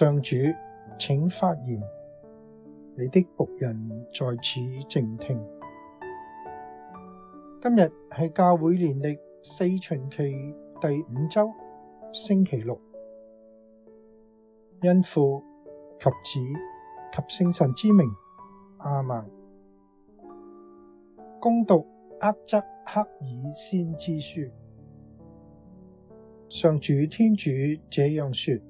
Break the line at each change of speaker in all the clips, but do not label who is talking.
上主，請發言，你的僕人在此靜聽。今日係教會年曆四旬期第五周，星期六。因父及子及聖神之名，阿們。恭讀厄則克耳先知書，上主天主這樣說。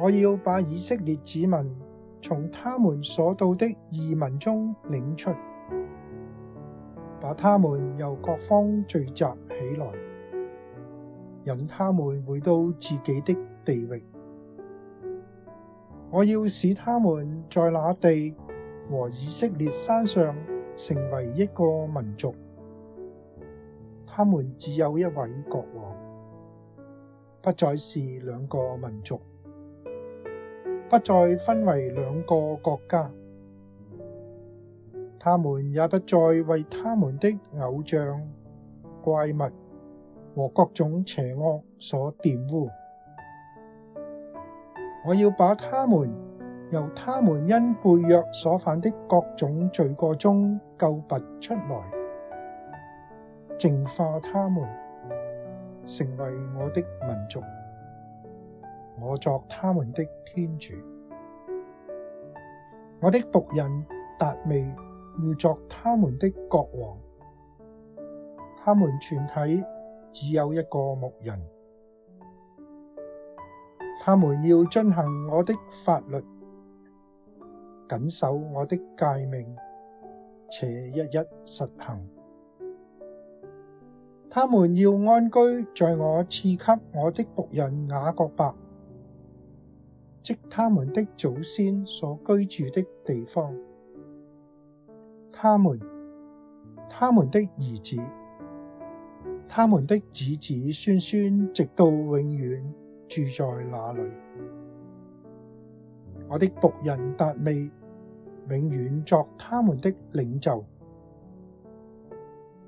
我要把以色列子民從他們所到的異民中領出，把他們由各方聚集起來，引他們回到自己的地域。我要使他們在那地和以色列山上成為一個民族，他們只有一位國王。不再是兩個民族，不再分為兩個國家，他們也不再為他們的偶像、怪物和各種邪惡所玷污。我要把他們由他們因背約所犯的各種罪過中救拔出來，淨化他們。成為我的民族，我作他們的天主；我的僕人達味要作他們的國王。他們全體只有一個牧人，他們要遵行我的法律，謹守我的誡命，且一一實行。他們要安居在我賜給我的僕人雅各伯，即他們的祖先所居住的地方。他們、他們的兒子、他們的子子孫孫，直到永遠住在那裏。我的僕人達味，永遠作他們的領袖。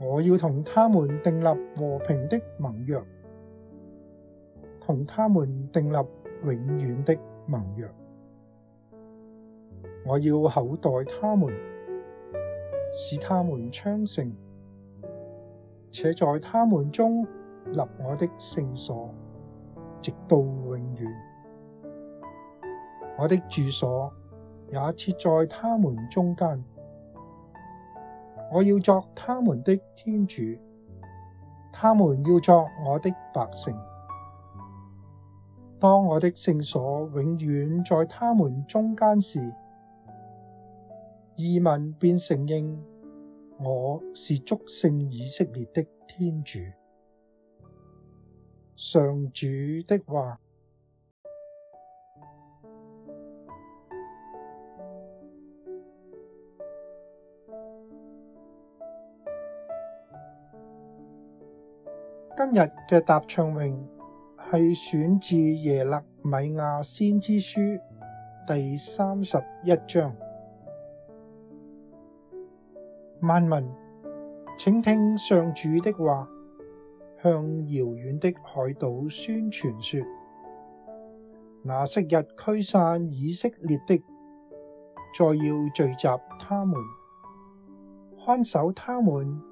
我要同他們訂立和平的盟約，同他們訂立永遠的盟約。我要厚待他們，使他們昌盛，且在他們中立我的聖所，直到永遠。我的住所也設在他們中間。我要作他們的天主，他們要作我的百姓。當我的聖所永遠在他們中間時，異民便承認我是祝聖以色列的天主。上主的話。今日嘅答唱詠係選自耶肋米亞先知書第三十一章。萬民！請聽上主的話，向遙遠的海島宣傳說，那昔日驅散以色列的，再要聚集他們，看守他們。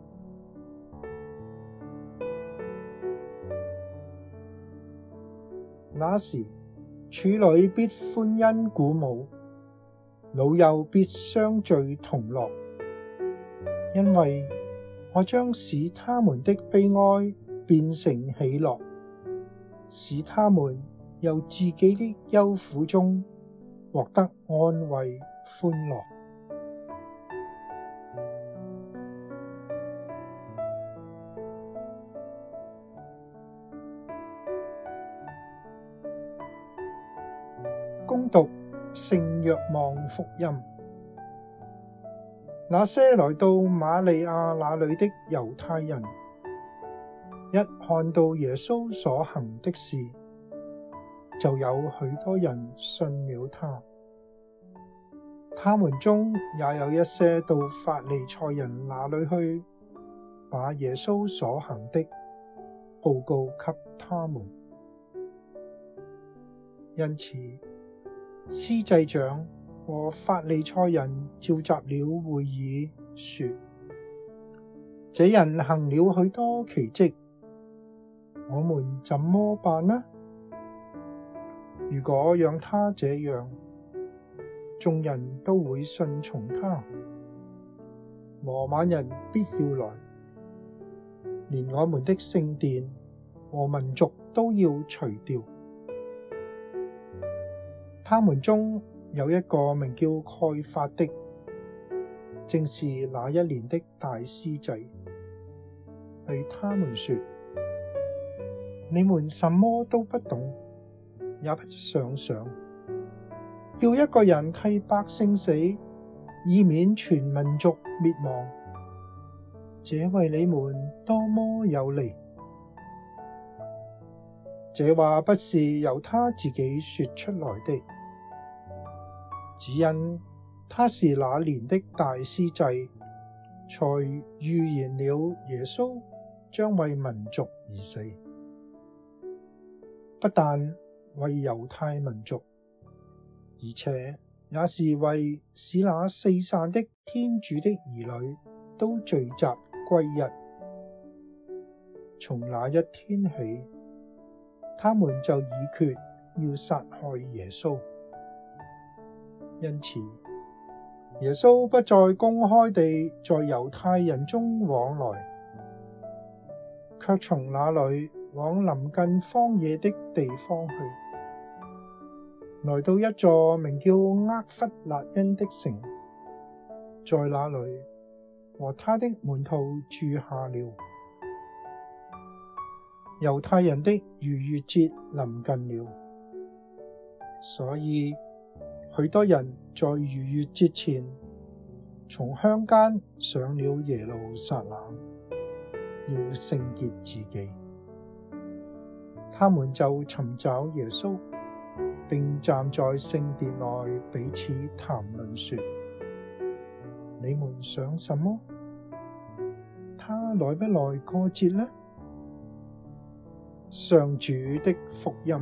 那時，處女必歡欣鼓舞，老幼必相聚同樂，因為我將使他們的悲哀變成喜樂，使他們由自己的憂苦中獲得安慰歡樂。聖若望福音，那些來到瑪利亞那裏的猶太人，一看到耶穌所行的事，就有許多人信了他。他們中也有一些到法利賽人那裏去，把耶穌所行的，報告給他們。因此，司祭長和法利賽人召集了會議，說：這人行了許多奇迹，我們怎麼辦呢？如果讓他這樣，眾人都會信從他，羅馬人必要來，連我們的聖殿和民族都要除掉。他們中有一個名叫蓋法的，正是那一年的大司祭，對他們說：你們什麼都不懂，也不想想，要一個人替百姓死，以免全民族滅亡，這為你們多麼有利！這話不是由他自己說出來的。只因他是那年的大司祭，才預言了耶穌將為民族而死，不但為猶太民族，而且也是為使那四散的天主的兒女都聚集歸一。從那一天起，他們就議決要殺害耶穌。因此，耶穌不再公開地在猶太人中往來，卻從那裏往臨近荒野的地方去，來到一座名叫厄弗辣因的城，在那裏和他的門徒住下了。猶太人的逾越節臨近了，所以，許多人在逾越節前，從鄉間上了耶路撒冷，要聖潔自己。他們就尋找耶穌，並站在聖殿內彼此談論，說：你們想什麼？他來不來過節呢？上主的福音。